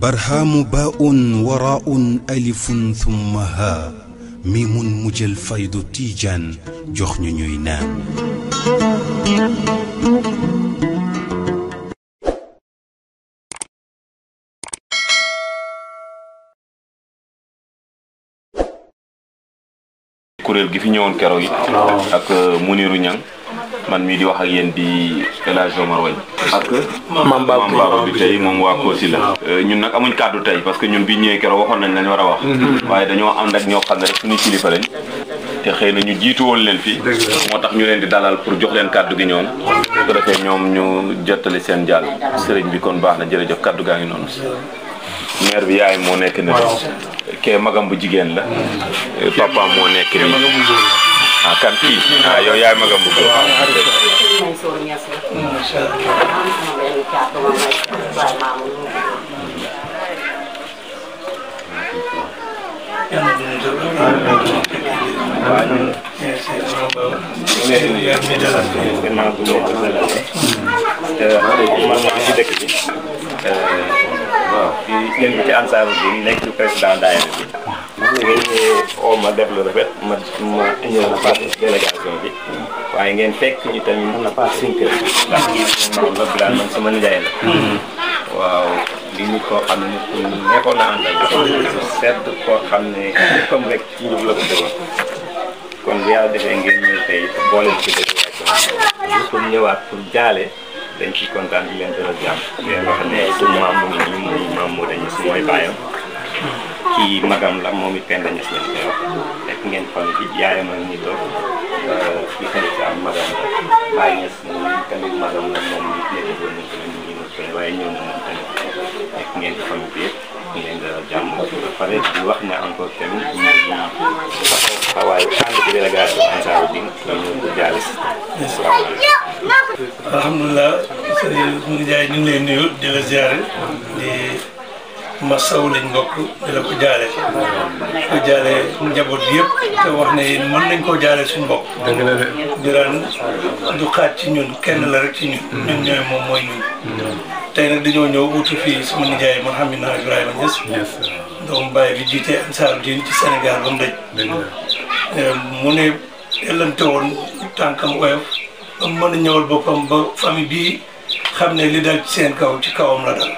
برهام باء وراء ألف ثم ها ميم مجل فيض تيجان جخن نينان كوريل gi fi ñëwoon keroog yi ak man mi di wax ak yeen di elage omar wañ ak mam bab mam bi tay mom wa ko ci la euh, ñun nak amuñ cadeau tay parce que ñun bi ñëw kéro waxon nañ lañ wara wax mhm. waye dañoo and ak ño xamne rek suñu kilifa lañ té xeyna ñu jitu won leen fi motax ñu leen di dalal pour jox leen cadeau gi ñoom ko defé ñoom ñu jottali seen jall sëriñ bi kon baax na jëre jox cadeau gaangi non mère bi yaay mo nekk ne ke magam bu jigen la papa mo nek ni ah kan kii ah yow yaay magam bu góor. Mansour Niass la. macha allah. am sama benn caatu ma may waaye maamu ñu ngi ci dëkk bi waaw fii yéen ci ansaaru bi nekk président daayira bi. ngeen ñëwee oo ma def lu rafet. ma bi waaye ngeen fekk ñu tamit la paas suñ kër ndax moom la bilaa man sama nijaay la waaw li nit koo xam ne ku nekkoon na àndal ci njub la ko dëgoon defee ngeen ñëw tey boole ci délégation bi pour ñëwaat pour jaale dañ ci kontaan di leen dalal jàmm di leen wax ne suñu maam mu ñu muy maam dañu si mooy bàyyam kii magam la moom it kenn dañu si leen koy wax ngeen famille bi yaayam ak ñi doon di xarit am magam la bàyyi ñes tamit magam la moom nit ñi defoon nañ ko ñu ngi mos waaye ñëw na moom tamit nekk ngeen famille bi yëpp ñu leen dara jàmm ba pare di wax ne encore tamit ñu ngi taxaw xawaayu ànd ci délégation Ansaru Din ñu ko jaale si asalaamaaleykum alhamdulilah sëriñ Mouride Ndiaye ñu ngi lay nuyu di la ziare di ma saw lañ bokk di la ko jaale ko jaale njaboot bi yëpp te wax ne yéen mën nañ koo jaale suñu bopp dëgg la de du xaaj ci ñun kenn la rek ci ñun ñun ñooy moom mooy ñun tey nag dañoo ñëw wutu fii sama nijaay man xam naa Ibrahima Niass doomu bàyyi bi jiite Ansaar Diine ci senegal ba mu daj eh, mu ne ellante woon tànkam oyof ba mu mën a ñëwal boppam ba famille bii xam ne li dal ci seen kaw ci kawam la dal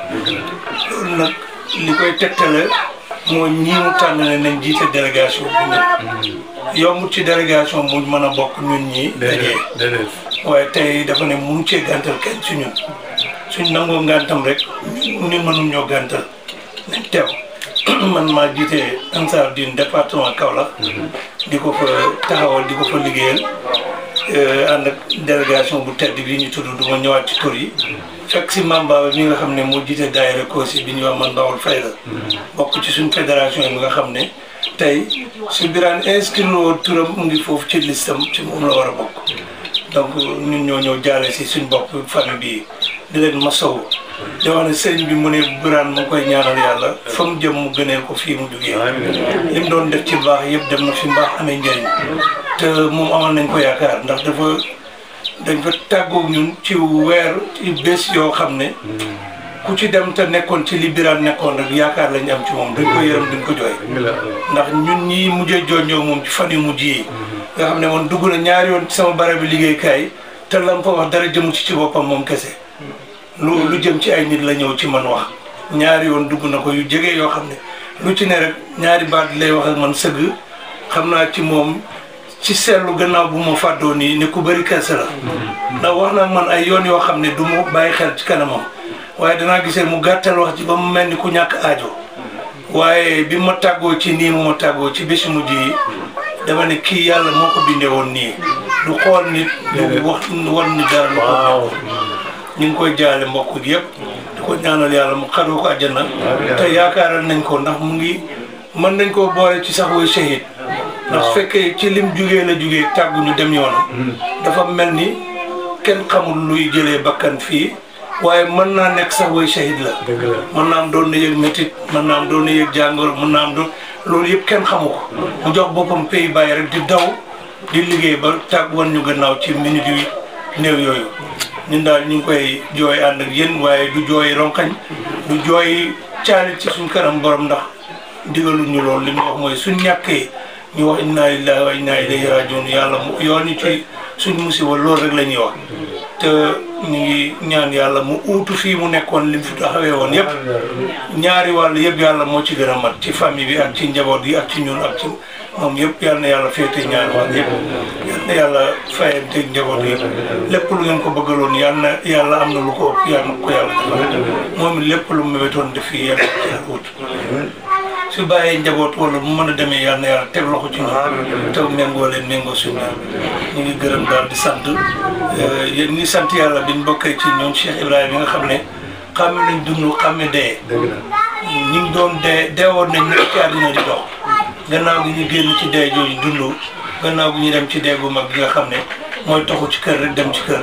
loolu nag li koy tegtale mooy ñi mu tànn ne nañ jiite délégation bi ñu yombut ci délégation mu mën a bokk ñun ñii dajee waaye tey dafa ne mu ci gàntal kenn ci ñun suñ nangoo ngàntam rek ñun mënum ñoo gàntal nañ teew man maa jiite Ansaar Dine département Kaolack mm-hmm. di ko fa taxawal di ko fa liggéeyal euh, ànd ak délégation bu tedd bi ñu tudd du ñëwaat ci tur yi fekk si man Baba mi nga xam ne moo jiite daayira Kossy bi ñuy wax man Bawol Fayda bokk ci suñ fédération yi nga xam ne tey su Birane inscrire na woon mu ngi foofu ci listam ci moom la war a bokk donc ñun ñoo ñëw jaale si suñ bopp famille bi di leen masawu di wax ne bi mu ne Birane mu koy ñaanal yàlla fa mu jëm mu gënee ko fii mu jugee li mu doon def ci baax yëpp dem na fi mbaax amee njëriñ te moom amal nañ ko yaakaar ndax dafa dañ fa tàggoog ñun ci weer ci bés yoo xam ne ku ci dem te nekkoon ci li Birane nekkoon rek yaakaar lañu am ci moom dañ ko yërëm dañ ko jooy ndax ñun ñi mujjee jonjoo moom ci fan yu mujj yi nga xam ne man dugg na ñaari yoon sama barab bi liggéeykaay te lam fa wax dara jëmu ci ci boppam moom kese lu lu jëm ci ay nit la ñëw ci man wax ñaari yoon dugg na ko yu jege yoo xam ne lu ci ne rek ñaari baat lay wax ak man sëgg xam naa ci moom ci seetlu gannaaw bu ma fàddoo nii ni ku bari kersa la ndax wax na man ay yoon yoo xam ne du ma bàyyi xel ci kanamam waaye danaa gisee mu gàttal wax ci ba mu mel ni ku ñàkk ajo waaye bi mu ma tàggoo ci nii mu ma tàggoo ci bés mujj yi dama ne kii yàlla moo ko bindee woon nii du xool nit du wax wan ni dara lu ko ñu ngi koy jaale mbokk gi yëpp di ko ñaanal yàlla mu xadoo ko àjjana te yaakaaral nañ ko ndax mu ngi mën nañ koo boole ci sax su fekkee ci lim jugee la jugee tàgguñu dem yoonu hmm. dafa mel ni kenn xamul luy jëlee bakkan fii waaye mën naa nekk sax way shahid la mën naa am doon na yëg métit mën naa am doon na yëg jàngoro mën naa am doon loolu yëpp kenn xamu ko hmm. mu jox boppam pays bàyyi rek di daw di liggéey ba tàgg wan ñu gannaaw ci minute yu néew yooyu ñun daal ñu ngi koy jooy ànd ak yéen waaye du jooy ronkañ du jooy caali ci suñ kanam borom ndax digaluñu loolu li mu wax mooy suñ ñàkkee ñu wax inna lillahi wa inna ilayhi rajiun yàlla mu yoon ñu ci suñ musiba loolu rek la ñuy wax te ñu ngi ñaan yàlla mu uutu fii mu nekkoon lim fi taxawee woon yëpp ñaari wàll yëpp yàlla moo ci gën a mat ci famille bi ak ci njaboot yi ak ci ñun ak ci moom yëpp yal na yàlla féete ñaari wàll yëpp yal na yàlla fayante njaboot yëpp lépp lu ngeen ko bëggaloon yal na yàlla am na lu ko ëpp yal na ko yàlla moom lépp lu mu mébétoon def fii yàlla su bàyyee njaboot wala mu mën a demee yàlla na yàlla teg loxo ci ñoom taw méngoo leen méngoo suñu ñu ngi gërëm daal di sant euh, yéen ñi sant yàlla biñ bokkee ci ñoom Cheikh Ibrahima yi nga xam ne xàmme nañ dund xàmme dee ñi ngi doon dee deewoon nañ nekk ci àdduna di dox gannaaw gi ñu génn ci dee jooju dund gannaaw gi ñu dem ci dee bu mag bi nga xam ne mooy toxu ci kër rek dem ci kër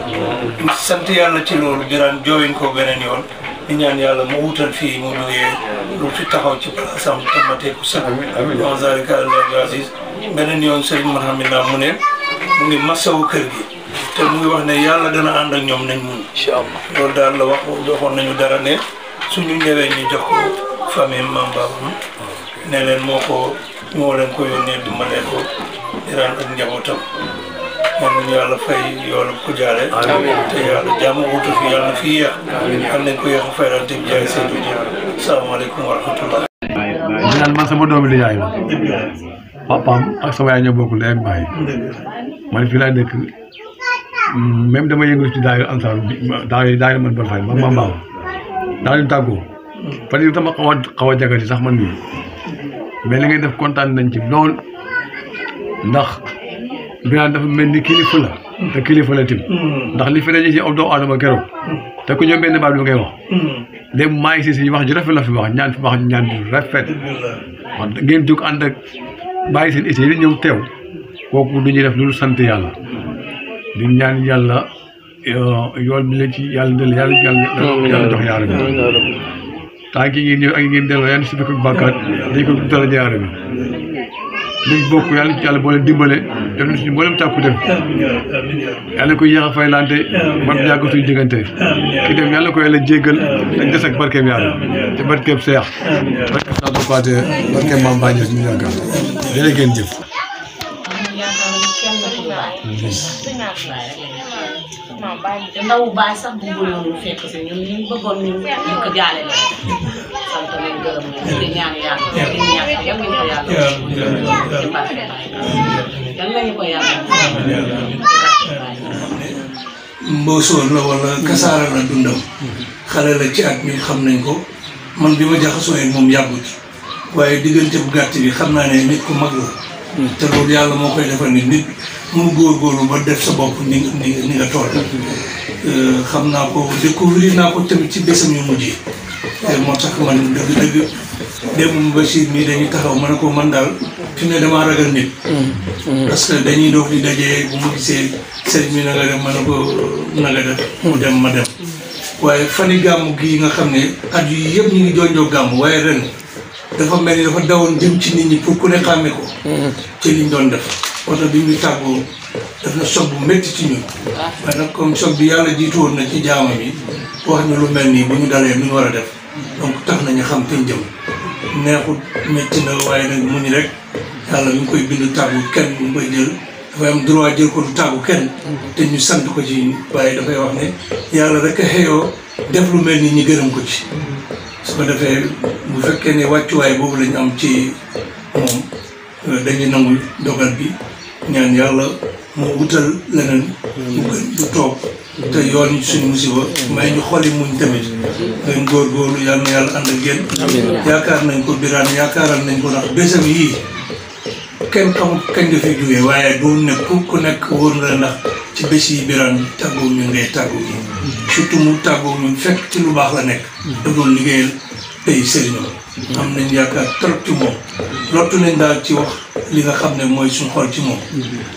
sant yàlla ci loolu jëraan jooyuñ ko beneen yoon di ñaan yàlla mu wutal fii mu jógee lu ci taxaw ci place am tamate ko sax on zalika Allah aziz beneen yoon sëriñ Mouhamed Lam mu ne mu ngi wu kër gi te mu wax ne yàlla dana ànd ak ñoom nañ mun loolu daal la wax waxoon nañu dara ne suñu ñëwee ñu jox ko famille maam baabam ah, ne leen moo ko moo leen ko yónnee duma leen ko di ak njabootam moom ñu yàlla ya fay yoonu ya ku jaale te yàlla jàmm wutu fi yàlla na fi yéex am nañ ko yéex a fayal te jaay seetu ji salaamaaleykum wa rahmatullah ñu naan man sama doomi lijaay la papaam ak sama yaay ñoo bokk ndey ak baay man fii laa dëkk mm, même dama yëngu ci daayira ansar daayira daayira man ban fay ma ma mbaaw daa ñu tàggoo fan yi sama xaw a xaw a jagati sax man nii mais li ngay def kontaan nañ ci lool ndax bidaa dafa mel ni kilifa la te kilifa la tim mm. ndax li fi daje ci ab doomu aadama mm. te ku ñëw benn baat bi ngay wax mm. léegi maa ngi si si wax ju rafet la fi wax ñaan fi wax ñaan ju rafet ngeen jóg ànd ak bàyyi seen itte yi ñëw teew kooku du ñuy def loolu sant yàlla di ñaan yàlla euh, yool bi leen ci yàlla dël yàlla yàlla jox yaara bi tànk yi ñëw ak ngeen delloo yan si fekk bàkkaat dañ ko dara jaara bi liñ bokk yàlla ci yàlla boole dimbale def na suñu mboolem tàkku dem yàlla ko yéex a fay lante man yàgg suñu diggante ki dem yàlla ko yàlla jéggal dañ des ak yàlla te barkeem seex barkeem naa ko barkeem maam bàññee suñu yaakaar jërë ngeen jëf sëñ la sant leen gërëm ci barke dundam xale la ci at mi xam nañ ko man bi ma jaxasoo ak moom yàggut waaye diggante bu gàtt bi xam naa ne nit ku mag la te loolu yàlla moo koy defal nit nit mu góorgóorlu ba def sa bopp ni ni ni nga toll. Euh, xam naa ko découvrir naa ko tamit ci bésam yu mujj te moo tax man dëgg-dëgg dem ba si mii dañuy taxaw man ne ko man daal fi ne damaa ragal nit. Mm-hmm. parce dañuy dox di dajee bu mu gisee sëriñ bi na nga a ma ne ko na nga def. mu dem ma dem. Mm-hmm. waaye fan yi gàmm gii nga xam ne at yii ñu ngi jooñjoo gàmm waaye ren. dafa mel ni dafa dawoon jëm ci nit ñi pour ku ne xàmme ko. Mm-hmm. ci liñ doon def. oto bi ñu tàggoo daf na sob bu métti ci ñun. Ah. waaye nag comme sob bi yàlla jiitu woon na ci jaama bi wax ñu lu mel nii bu ñu dalee ñu war a def. donc tax nañu xam te jëm. neexut métti na waaye nag mu rek yàlla ñu ngi koy bind tàggu kenn mu ngi koy jël dafay am droit jël ko du tàggu kenn. Mm-hmm. te ñu sant ko ci waaye dafay wax ne yàlla rek a xëyoo def lu mel ni ñu gërëm ko ci. Mm-hmm. su ko defee. bu fekkee ne wàccuwaay boobu la ñu am ci moom euh, dañuy nangul dogal bi ñaan yàlla mu wutal leneen mu gën du toog te yoon yi suñu musiba may ñu xoli muñ tamit ngeen góorgóorlu yàlla na yàlla ànd ak yéen yaakaar nañ ko biraan yaakaaral nañ ko ndax bésam yii kenn xamul kañ nga fi jógee waaye doo nekk ku nekk wóor na ndax ci bés yi biraan tàggoo ñu ngay tàggoo yi surtout mu tàggoo ñu fekk ci lu baax la nekk da doon liggéeyal tey sëriñam am nañ yaakaar trop ci moom lottu nañ daal ci wax li nga xam ne mooy suñu xol ci moom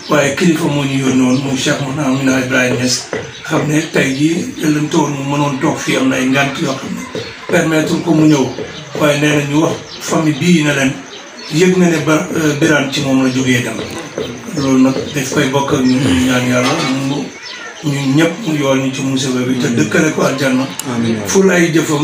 waaye kilifa moo ñu yónni woon moom Cheikh Mouhamed Amina Ibrahima Niass xam ne tey jii lañ tawoon mu mënoon toog fii am na ay ngant yoo xam ne permettre ko mu ñëw waaye nee na wax famille bii na leen yëg na ne ba euh, Birane ci moom la jógee dem loolu nag daf koy bokk ak ñu ñaan yàlla mu ñun ñëpp yoon ñu ci musiba bi te dëkkale ko aljanna ful ay jëfam